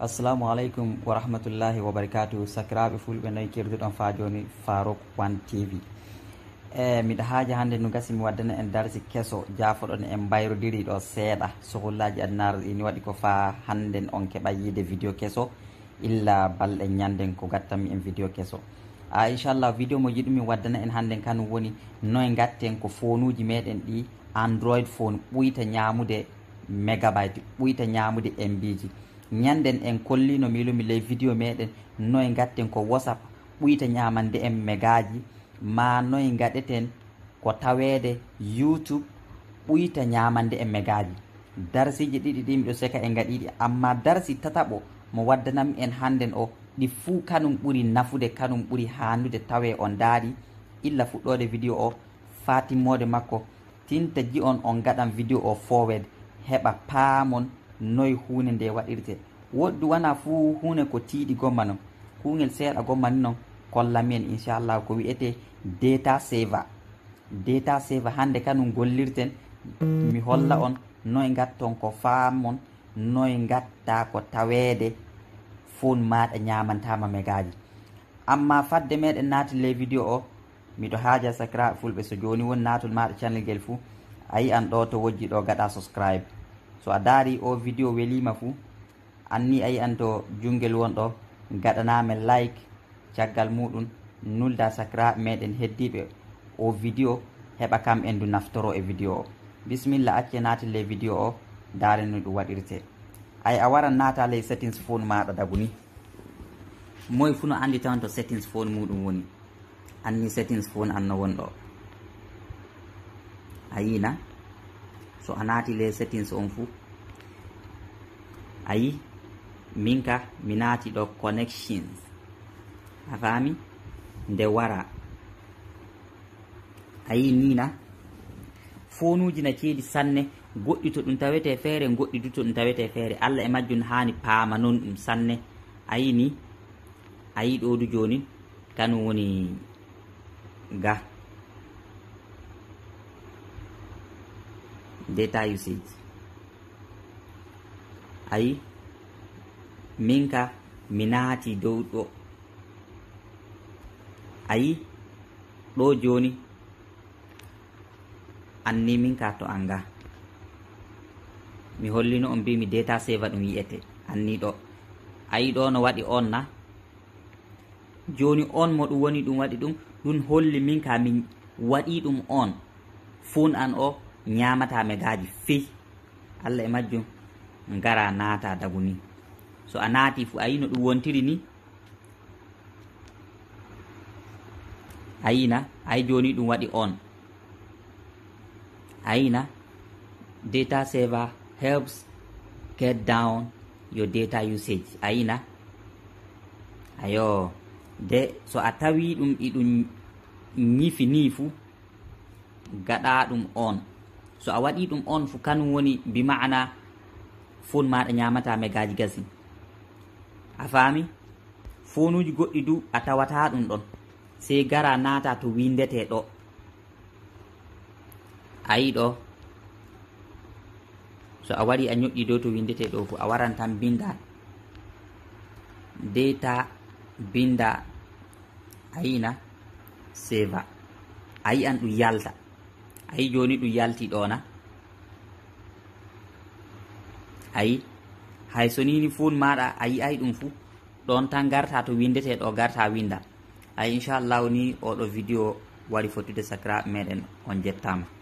assalamu aleykum wa rahmatullahi wa barakatuh sakiraɓe fulɓe nayi kerduɗon fa joni farouk pan tv e miɗa haaji hannde no gasimi waddana en darsi keso jaafoɗon en mbayrodiri ɗo seeɗa sohollaji adnar ini waɗi ko fa hannden on keɓa yiide vidéo keso illa balɗe ñanden ko gattanmi en vidéo keso a inchallah vidéo mo jiɗumi waddana en hannden kanu woni noye gatten ko fonuji meɗen ɗi android phone ɓuyta ñamude mégabyte ɓuyta ñamude mbiji ñanden en kollino milumi ley vidéo meɗen noye gatten ko wasap ɓuyta ñamande en megaji ma noye gaɗeten ko tawede youtube ɓuyta ñamande en megaji darsiji ɗiɗi ɗi miɗo seka en gaɗiɗi amma darsi tataɓo mo waddanami en hannden o ɗi fuu kanum ɓuri nafude kanum ɓuri hannude tawe on daari illa fuɗɗode vidéo o fatimmode makko tinta ji on on gaɗan vidéo o fowed heɓa paamon noye hunde nde waɗirte woɗɗu wona fuu hunde ko tiiɗi gomma non kugel seeɗa gomma ni noon kollamien inchallahu ko wiyete data seva data seva hande kanum gollirten mi holla on noye gatton ko faamon noye gatta ko taweede fon maɗa ñamantama megaji amma fadde meɗen naati ley vidéo o miɗo haaja sacrabe fulɓe so joni woni natol maɗa channel guel fuu a yi an ɗo to wojji ɗo gaɗa subscribe so a daari o vidéo welima fuu anni a yiyan to junguel wonɗo gaɗaname like caggal muɗum nulda sacra meɗen heddiɓe o vidéo heɓa kam en du naftoro e vidéo o bisimilla acce naati ley vidéo o dare no ɗum waɗirte aya a waran naata ley settings phone maɗa daguni moye fuu no andi tan to settings phone muɗum woni anni settings phone anno wonɗo a yina so a naati ley settings on fuu ayi min ka mi naati ɗo connections a faami nde wara a yi nina fonuji na ceedi sanne goɗɗi to ɗum tawete feere goɗɗi du to ɗum tawete feere allah e majjum haani paama noon ɗum sanne a yi ni a yi ɗo du joni tan woni ga data usage ayi min ka mi naati dow ɗo ayi ɗo joni anni min ka to an nga mi hollino on mbimi deta seva ɗum yi'ete anni ɗo ayi ɗo no waɗi on na joni on mo ɗum woni ɗum waɗi ɗum ɗum holli min ka min waɗi ɗum on fun an o ñamatame gaji fey allah e majjum ngara naata dagu ni so a naati fu ayi no ɗum wontiri ni ayina ayi joni ɗum waɗi on ayina data server helps get down your data usage ayina ayo de so a tawi ɗum i ɗum ñifi ni fu gaɗa ɗum on so a waɗi ɗum on fu kanum woni bi mana phone maɗa ñamata mégaji gasi a faami fonuji goɗɗi du a tawata ɗum ɗon sey gara naata to windete ɗo a yi ɗo so a wari a ñoƴƴi dow to windete ɗo fo a waran tan binda deta binda a yina seva a yi an ɗum yalta a yi joni ɗum yalti ɗona ayi hayso nini fuu maɗa a yiyay ɗum fuu ɗon tan garta to windete ɗo garta winda ayi inchallahu ni oɗo vidéo wari fottude sacra meɗen on jettama